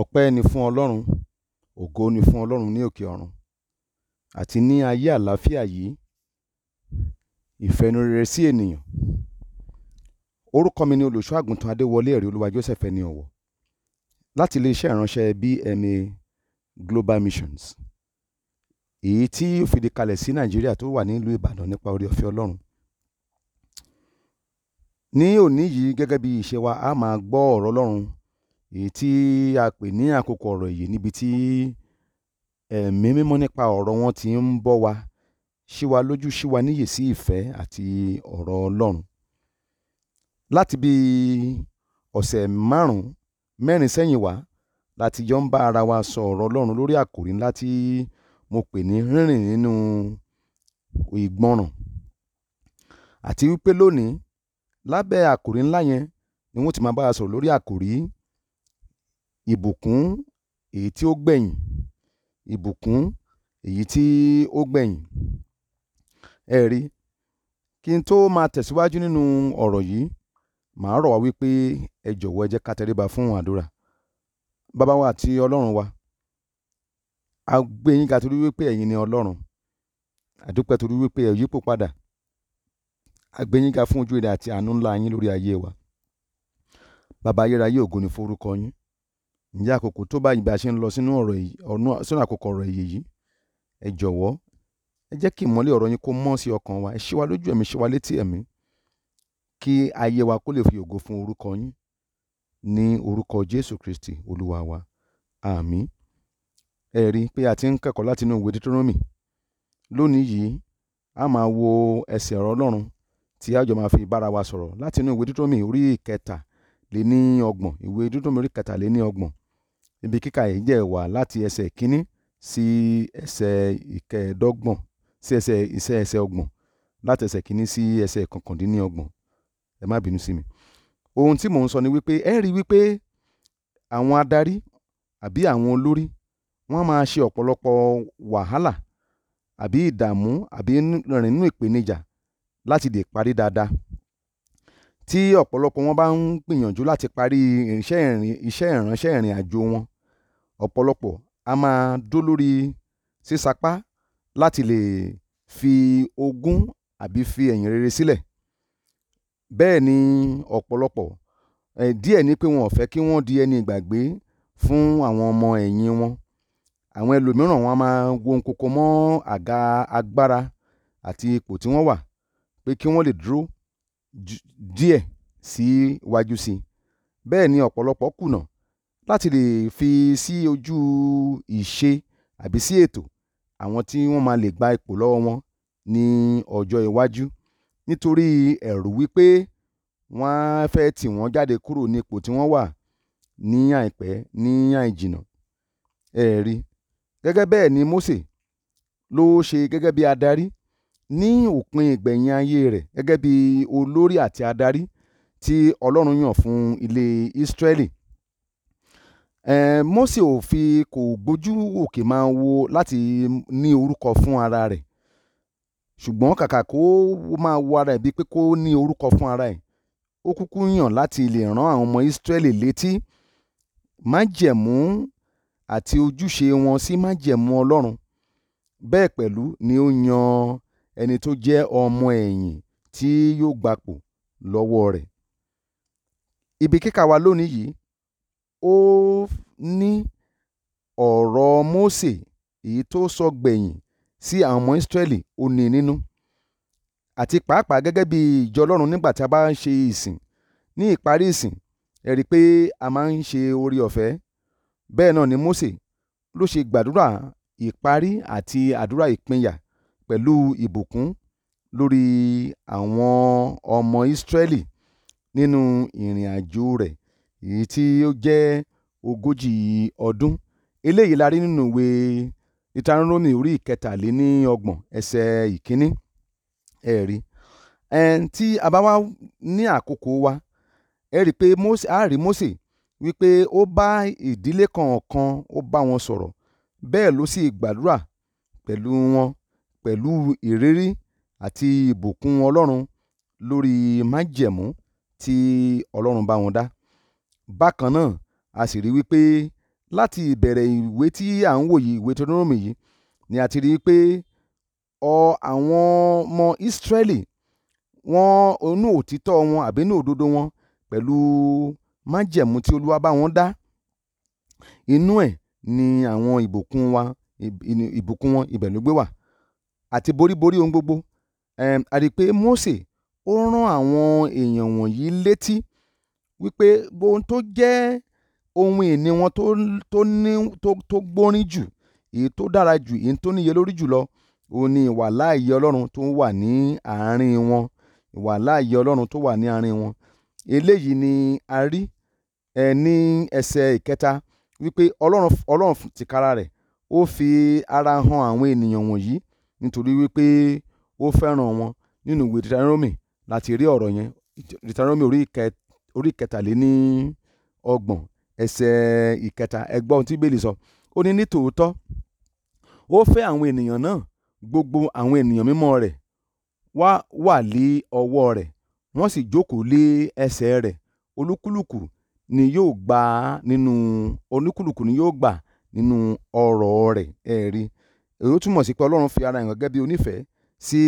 Ọpẹ́ ni fún Ọlọ́run, ògo ni fún Ọlọ́run ní òkè ọ̀run, àti ní ayé àlàáfíà yìí, ìfẹ́nurere sí ènìyàn. Orúkọ mi ni Olùṣọ́-àgùntàn Adéwọlé Ẹ̀rí Olúwa Joseph Ẹni Ọ̀wọ̀ láti ilé-iṣẹ́ ìránṣẹ́ BMA Global Missions èyí tí ó fìdí kalẹ̀ sí Nàìjíríà tó wà nílùú Ìbàdàn nípa orí ọ̀fẹ́ Ọlọ́run. Ní òní yìí gẹ́gẹ́ bí ìṣe wa, a máa gbọ́ ọ̀rọ̀ Ọlọ́run èyí tí a pè ní àkókò ọ̀rọ̀ èyí níbi tí ẹ̀mí mímọ́ nípa ọ̀rọ̀ wọn ti ń bọ́ wa ṣí wa lójú ṣí wa níyè sí ìfẹ́ àti ọ̀rọ̀ Ọlọ́run. Láti bí ọ̀sẹ̀ márùn-ún mẹ́rin sẹ́yìn wá la ti jọ ń bá ara wa sọ ọ̀rọ̀ Ọlọ́run lórí àkòrí ńlá tí mo pè ní rírìn nínú ìgbọràn àti wípé lónìí lábẹ́ àkòrí ńlá yẹn ni n ti máa bá wa sọ̀rọ̀ lórí àkòrí ìbùkún èyí tí ó gbẹ̀yìn ìbùkún èyí tí ó gbẹ̀yìn. Ẹ ẹ̀ rí i, kí n tó máa tẹ̀síwájú nínú ọ̀rọ̀ yìí, màá rọ̀ wá wípé ẹ jọ̀wọ́ ẹ jẹ́ ká tẹríba fún àdúrà. Baba wa àti Ọlọ́run wa, a gbé yín ga torí wípé ẹ̀yin ni Ọlọ́run. A dúpẹ́ torí wípé ẹ yípo padà. A gbé yín ga fún ojú rere àti àánú ńlá yín lórí ayé wa. Baba ayérayé ògo ni fún yín ǹjẹ́ àkókò tó báyìí bí a ṣe ń lọ sínú ọ̀rọ̀ yìí ọ̀nà sínú àkókò ọ̀rọ̀ èyí yìí ẹ jọ̀wọ́ ẹ jẹ́ kí ìmọ́lẹ̀ ọ̀rọ̀ yín kó mọ́ sí ọkàn wa ẹ ṣí wa lójú ẹ̀mí ṣí wa létí ẹ̀mí kí ayé wa kó lè fi ògo fún orúkọ yín ní orúkọ Jésù Kristi olúwa wa àmín ẹ rí i pé a ti ń kẹ́kọ̀ọ́ láti inú ìwé Deuteronomy lónìí yìí a máa wo ẹsẹ̀ ọ̀rọ̀ Ọlọ́run tí a jọ máa fi bára wa sọ̀rọ̀ láti inú ìwé Deuteronomy orí ìkẹta lé ní ọgbọ̀n ìwé Deuteronomy orí ìkẹta lé ní ọgbọ̀n Ibi kíkà yìí dẹ̀ wà láti ẹsẹ̀ kíní sí ẹsẹ̀ ìkẹẹ̀dọ́gbọ̀n sí ẹsẹ̀ sí ẹsẹ̀ ọgbọ̀n láti ẹsẹ̀ kíní sí ẹsẹ̀ kọkàndínlọ́gbọ̀n. Ẹ má bínú sí mi. Ohun tí mò ń sọ ni wípé ẹ ẹ́ rí i wípé àwọn adarí àbí àwọn olórí wọ́n á máa ṣe ọ̀pọ̀lọpọ̀ wàhálà àbí ìdààmú àbí rìn nínú ìpèníjà láti lè parí dáadáa. Tí ọ̀pọ̀lọpọ̀ wọn bá ń gbìyànjú láti parí iṣẹ́ ìrìnàjò wọn ọ̀pọ̀lọpọ̀ á máa dó lórí sísapá láti lè fi ogún àbí fi ẹ̀yìn rere sílẹ̀ bẹ́ẹ̀ ni ọ̀pọ̀lọpọ̀ um díẹ̀ ni pé wọn ò fẹ́ kí wọ́n di ẹni ìgbàgbé fún àwọn ọmọ ẹ̀yìn wọn àwọn ẹlòmíràn wọn a máa wọ̀nkòkò mọ́ àga agbára àti ipò tí wọ́n wà pé kí wọ́n lè dúró díẹ̀ síwájú sí i bẹ́ẹ̀ ni ọ̀pọ̀lọpọ̀ kùnà láti lè fi sí ojú ìṣe àbí sí ètò àwọn tí wọ́n máa lè gba ipò lọ́wọ́ wọn ní ọjọ́ iwájú nítorí ẹ̀rù wípé wọ́n á fẹ́ tì wọ́n jáde kúrò ní ipò tí wọ́n wà ní àìpẹ́ ní àìjìnà ẹ̀rí gẹ́gẹ́ bẹ́ẹ̀ ni Mósè ló ṣe gẹ́gẹ́ bí adarí ní òpin ìgbẹ̀yìn ayé rẹ̀ gẹ́gẹ́ bí olórí àti adarí tí Ọlọ́run yàn fún ilé Ísírẹ́lì um mósè ò fi kò gbójú òkè máa wo láti ní orúkọ fún ara rẹ̀ ṣùgbọ́n kàkà kó máa wo ara ẹ̀ bíi pé kó ní orúkọ fún ara ẹ̀ ó kúkú yàn láti lè rán àwọn ọmọ ìsírẹ́lì létí májẹ̀mú àti ojúṣe wọn sí májẹ̀mú ọlọ́run bẹ́ẹ̀ pẹ̀lú ni ó yan ẹni tó jẹ́ ọmọ ẹ̀yìn tí yóò gbapò lọ́wọ́ rẹ̀ ibi kíkà wa lónìí yìí ó ní ọ̀rọ̀ mósè èyí tó sọ gbẹ̀yìn sí àwọn ọmọ ísírẹ́lì ó ní nínú àti pàápàá gẹ́gẹ́ bí ìjọ ọlọ́run nígbà tí a bá ń ṣe ìsìn ní ìparí ìsìn ẹ rí i pé a máa ń ṣe oore ọ̀fẹ́ bẹ́ẹ̀ náà ni mósè ló ṣe gbàdúrà ìparí àti àdúrà ìpínyà pẹ̀lú ìbùkún lórí àwọn ọmọ ísírẹ́lì nínú ìrìn àjò rẹ̀ èyí tí ó jẹ́ ogójì ọdún eléyìí la rí nínú ìwé ìtarun-rómì orí ìkẹtàléníọgbọ̀n ẹsẹ̀ ìkíní ẹ̀rí um tí a bá wá ní àkókò wa ẹ rí i pé Mósè a rí Mósè wípé ó bá ìdílé kọ̀ọ̀kan ó bá wọn sọ̀rọ̀ bẹ́ẹ̀ ló sì gbàdúrà pẹ̀lú wọn pẹ̀lú ìrírí àti ìbùkún Ọlọ́run lórí májẹ̀mú tí Ọlọ́run bá wọn dá Bákan náà, a sì rí i wípé láti ìbẹ̀rẹ̀ ìwé tí à ń wò yìí ìwé Deuteronomy yìí ni a ti rí i pé ọ àwọn ọmọ Ísírẹ́lì wọn inú òtítọ́ wọn àbí inú òdodo wọn pẹ̀lú májẹ̀mú tí Olúwa bá wọn dá inú ẹ̀ ni àwọn ìbùkún wa ìbùkún wọn ibẹ̀ ló gbé wà àti boríborí ohun gbogbo um a rí ó rán àwọn èèyàn wọ̀nyí létí wípé ohun tó jẹ́ ohun ìní wọn tó tó ní tó tó gbórín jù èyí tó dára jù èyí tó níye lórí jù lọ òun ni ìwàláàyè ọlọ́run tó wà ní àárín wọn ìwàláàyè ọlọ́run tó wà ní àárín wọn eléyìí ni a rí ẹ ní ẹsẹ̀ ìkẹta wípé ọlọ́run ọlọ́run tìkára rẹ̀ ó fi ara hàn àwọn ènìyàn wọ̀nyí nítorí wípé ó fẹ́ràn wọn nínú ìwé deuteronomy láti rí ọ̀rọ̀ yẹn deuteronomy orí ìkẹ orí kẹtàléní ọgbọ̀n ẹsẹ̀ ìkẹta ẹ gbọ́ ohun tí bíbélì sọ ó ní nítòótọ́ ó fẹ́ àwọn ènìyàn náà gbogbo àwọn ènìyàn mímọ́ rẹ̀ wá wà lé ọwọ́ rẹ̀ wọ́n sì jókòó lé ẹsẹ̀ rẹ̀ olúkúlùkù ni yóò gbà nínú olúkúlùkù ni yóò gbà nínú ọrọ̀ rẹ̀ ẹ rí èyí ó túmọ̀ sí pé ọlọ́run fi ara hàn gẹ́gẹ́ bí onífẹ̀ẹ́ sí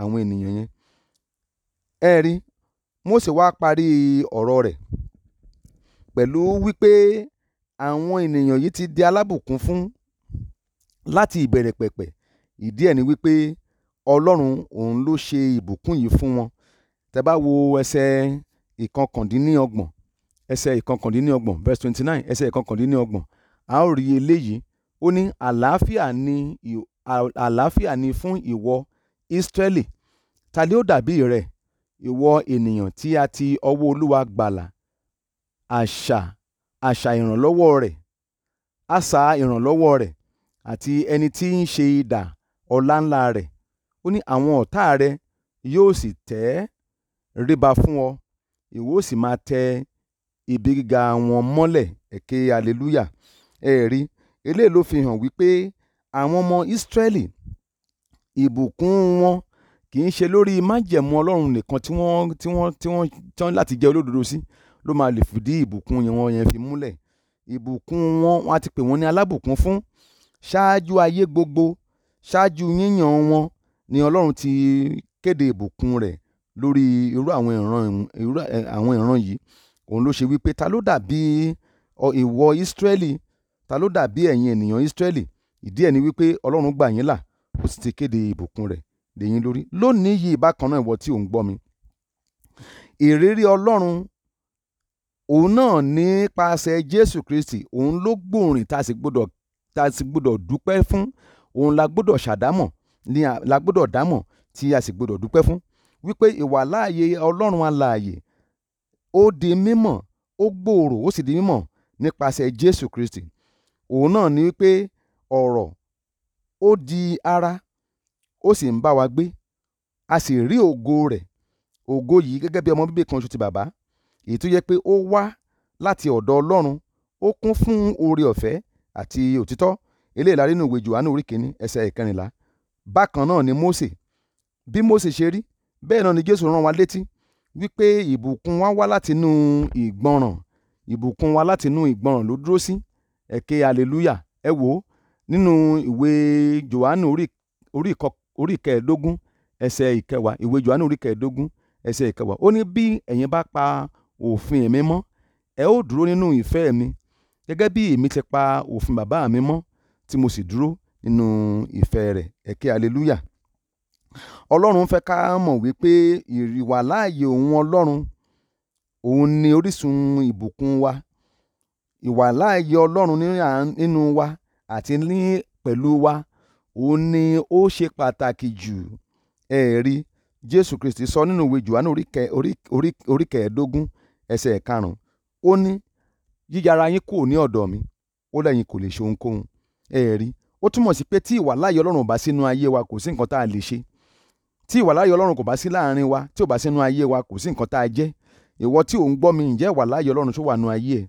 àwọn ènìyàn yẹn ẹ rí Mósè wá parí ọ̀rọ̀ rẹ̀ pẹ̀lú wípé àwọn ènìyàn yìí ti di alábùkún fún láti ìbẹ̀rẹ̀ pẹ̀pẹ̀ ìdí ẹ̀ ni wípé ọlọ́run òun ló ṣe ìbùkún yìí fún wọn tẹ bá wo ẹsẹ̀ ìkọkàndínníọgbọ̀n ẹsẹ̀ ìkọkàndínníọgbọ̀n verse twenty nine ẹsẹ̀ ìkọkàndínníọgbọ̀n a ó rí eléyìí ó ní àlàáfíà ni àlàáfíà ni fún ìwọ Ísírẹ́lì ta ni ó dàbí rẹ̀ ìwọ ènìyàn tí a ti ọwọ́ olúwa gbàlà asà asà ìrànlọ́wọ́ rẹ̀ asà ìrànlọ́wọ́ rẹ̀ àti ẹni tí ń ṣe idà ọláńlá rẹ̀ ó ní àwọn ọ̀tá rẹ yóò sì tẹ́ ríba fún ọ ìwọ ó sì máa tẹ ibi gíga wọn mọ́lẹ̀ ẹ̀kẹ́ hallelujah ẹ̀rí eléyìí ló fi hàn wípé àwọn ọmọ ìsírẹ́lì ìbùkún wọn kì í ṣe lórí májẹ̀mú ọlọ́run nìkan tí wọ́n tí wọ́n tí wọ́n tán láti jẹ́ olódodo sí ló máa lè fìdí ìbùkún wọn yẹn fi múlẹ̀ ìbùkún wọn wọn á ti pè wọ́n ní alábùkún fún ṣáájú ayé gbogbo ṣáájú yíyan wọn ni ọlọ́run ti kéde ìbùkún rẹ̀ lórí irú àwọn ìran irú eh, àwọn ìran yìí òun ló ṣe wípé ta ló dàbí ìwọ Ísírẹ́lì ta ló dàbí ẹ̀yin ènìyàn Ísírẹ́lì ìdí ẹ̀ ni wípé ọlọ́run gbà yín là ó sì ti kéde ìbùkún rẹ̀ lẹ́yìn lórí lónìí yìí bákan náà ìwọ tí ò ń gbọ́ mi ìrírí ọlọ́run òun náà nípasẹ̀ jésù kristi òun ló gbòòrìn tá a sì gbọ́dọ̀ tá a sì dúpẹ́ fún òun la gbọ́dọ̀ ṣàdámọ̀ ni la gbọ́dọ̀ dámọ̀ tí a sì gbọ́dọ̀ dúpẹ́ fún wípé ìwà láàyè ọlọ́run alààyè ó di mímọ̀ ó gbòòrò ó sì di mímọ̀ nípasẹ̀ jésù kristi òun náà ni wípé ọ̀rọ̀ ó di ara ó sì ń bá wa gbé a sì rí ògo rẹ̀ ògo yìí gẹ́gẹ́ bí ọmọ bíbí kan ṣoṣo ti bàbá èyí tó yẹ pé ó wá láti ọ̀dọ̀ ọlọ́run ó kún fún oore ọ̀fẹ́ àti òtítọ́ eléyìí la rí nínú ìwé Jòhánù orí kìíní ẹsẹ̀ ìkẹrìnlá bákan náà ni Mósè bí Mósè ṣe rí bẹ́ẹ̀ náà ni Jésù rán wa létí wípé ìbùkún wa wá látinú ìgbọràn ìbùkún wa látinú ìgbọràn ló dúró sí ẹ̀kẹ́ hallelujah ẹ wò ó nínú ìwé Jòhánù orí orí orí kẹẹ̀ẹ́dógún ẹsẹ̀ ìkẹwàá ìwé Jòhánù orí kẹẹ̀ẹ́dógún ẹsẹ̀ ìkẹwàá ó ní bí ẹ̀yin bá pa òfin èmi mọ́ ẹ ó dúró nínú ìfẹ́ mi gẹ́gẹ́ bí èmi ti pa òfin bàbá mi mọ́ tí mo sì dúró nínú ìfẹ́ rẹ̀ ẹ ké aleluya ọlọ́run fẹ́ ká mọ̀ wípé ìwàláàyè òun ọlọ́run òun ni orísun ìbùkún wa ìwàláàyè ọlọ́run nínú wa àti ní pẹ̀lú wa òun ni ó ṣe pàtàkì jù ẹ̀rí jésù kristi sọ nínú ìwé johannu orí kẹẹ̀ẹ́dógún ẹsẹ̀ karùn-ún ó ní yíyára yín kúrò ní ọ̀dọ̀ mi ó lẹ́yìn kò lè ṣe ohunkóhun ẹ̀rí ó túmọ̀ sí pé tí ìwàláyé ọlọ́run bá sínú ayé wa kò sí nǹkan tá a lè ṣe tí ìwàláyé ọlọ́run kò bá sí láàrin wa tí ò bá sínú ayé wa kò sí nǹkan tá a jẹ́ ìwọ tí ò ń gbọ́ mi ǹjẹ́ ìwàláyé ọlọ́run tó wà nù ayé ẹ̀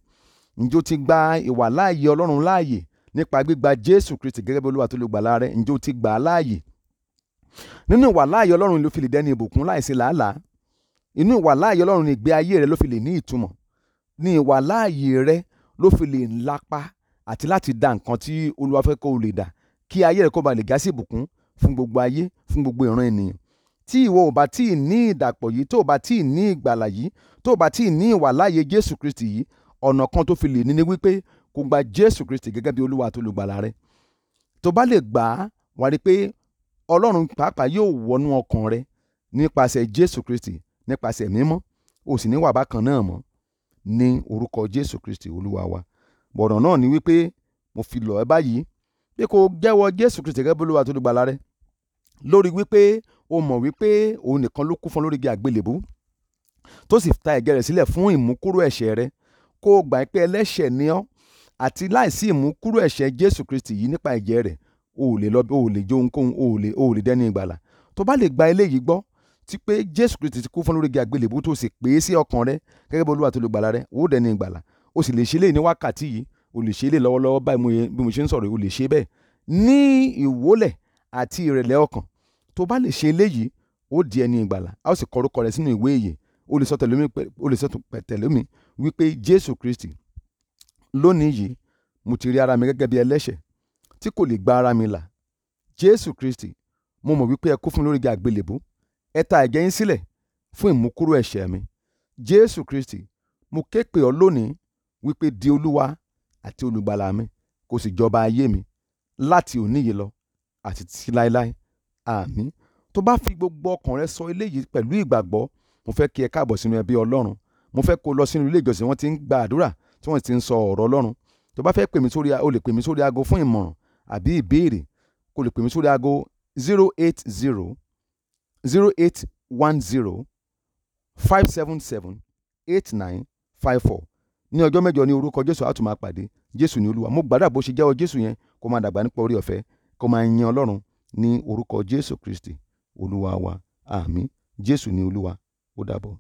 ǹjẹ́ ti gba ìwàláyé ọlọ́run láàyè nípa gbígba jésù kristi gẹ́gẹ́ bí olúwa tó lè gbà láàrẹ ǹjẹ́ o ti gbà á láàyè nínú ìwà láàyè ọlọ́run ló fi lè dẹni ìbùkún láìsí làálàá inú ìwà láàyè ọlọ́run ní ìgbé ayé rẹ ló fi lè ní ìtumọ̀ ní ìwà láàyè rẹ ló fi lè ńlapa àti láti da nǹkan tí olúwa fẹ́ kó o lè dà kí ayé rẹ kó ba lè já sí ìbùkún fún gbogbo ayé fún gbogbo ìran ènìyàn tí ìwọ ò bá tí ì ní ìdàpọ̀ yìí tó o bá tí ì ní ìgbàlà yìí tó o bá tí ì ní ìwà láàyè jésù kristi yìí ọ̀nà kan tó fi lè ní ni wípé kó gba jésù kristi gẹ́gẹ́ bí olúwa àti olùgbàlà rẹ tó bá lè gbà á wà rí pé ọlọ́run pàápàá yóò wọnú ọkàn rẹ nípasẹ̀ jésù kristi nípasẹ̀ mímọ́ o sì ní wà bákan náà mọ́ ní orúkọ jésù kristi olúwa wa bọ̀rọ̀ náà ni wípé mo fi lọ̀ ẹ́ báyìí pé kó jẹ́wọ́ jésù kristi gẹ́gẹ́ bí olúwa àti olùgbàlà rẹ lórí wípé o mọ̀ wípé òun nìkan ló kú fún lórí àgbélébú tó sì ta ẹ̀gẹ́ rẹ̀ sílẹ̀ fún ìmúkúrò ẹ̀ṣẹ̀ rẹ kó o gbà pé ẹlẹ́ṣẹ̀ ni ọ́ àti láìsí ìmúkúrò ẹ̀ṣẹ̀ jésù kristi yìí nípa ẹ̀jẹ̀ rẹ̀ o ò lè lọ o ò lè jẹ ohunkóhun o ò lè o ò lè dẹni ìgbàlà tó bá lè gba eléyìí gbọ́ ti pé jésù kristi ti kú fún lórí àgbélébú tó sì pè é sí ọkàn rẹ gẹ́gẹ́ bí olúwa tó lè gbàlà rẹ o ò dẹni ìgbàlà o sì lè ṣe eléyìí ní wákàtí yìí o lè ṣe eléyìí lọ́wọ́lọ́wọ́ báyìí bí mo ṣe ń sọ̀rọ̀ o lè ṣe bẹ́ẹ̀ ní ìwólẹ̀ àti ìrẹ̀lẹ̀ ọkàn tó bá lè ṣe eléyìí ó di ẹni ìgbàlà a ó sì kọ orúkọ rẹ sínú ìwé ìyè o lè sọ tẹ̀lé wípé jésù kristi lónìí yìí mo ti rí ara mi gẹ́gẹ́ bí ẹlẹ́ṣẹ̀ tí kò lè gba ara mi là jésù kristi mo mọ̀ wípé ẹ kú fún mi lórí igi àgbélébú ẹ ta ẹ̀jẹ̀ yín sílẹ̀ fún ìmúkúrò ẹ̀ṣẹ̀ mi jésù kristi mo ké pè ọ́ lónìí wípé di olúwa àti olùgbàlà mi kò sì jọba ayé mi láti òní yìí lọ àti títí láéláé àmín tó bá fi gbogbo ọkàn rẹ sọ eléyìí pẹ̀lú ìgbàgbọ́ mo fẹ́ kí ẹ káàbọ̀ sínú ẹbí ọlọ́run mo fẹ́ kó lọ sínú ilé ìjọsìn wọn ti ń gba àdúrà tí wọ́n ti ń sọ ọ̀rọ̀ ọlọ́run tó bá fẹ́ pè mí sórí o lè pè mí sórí aago fún ìmọ̀ràn àbí ìbéèrè kó lè pè mí sórí aago zero eight zero zero eight one zero five seven seven eight nine five four ní ọjọ́ mẹ́jọ ní orúkọ jésù á tún máa pàdé jésù ní olúwa mo gbàdúrà bó ṣe jẹ́wọ́ jésù yẹn kó máa dàgbà nípa orí ọ̀fẹ́ kó máa yin ọlọ́run ní orúkọ jésù kristi olúwa wa àmín jésù ní olúwa ó dàbọ̀.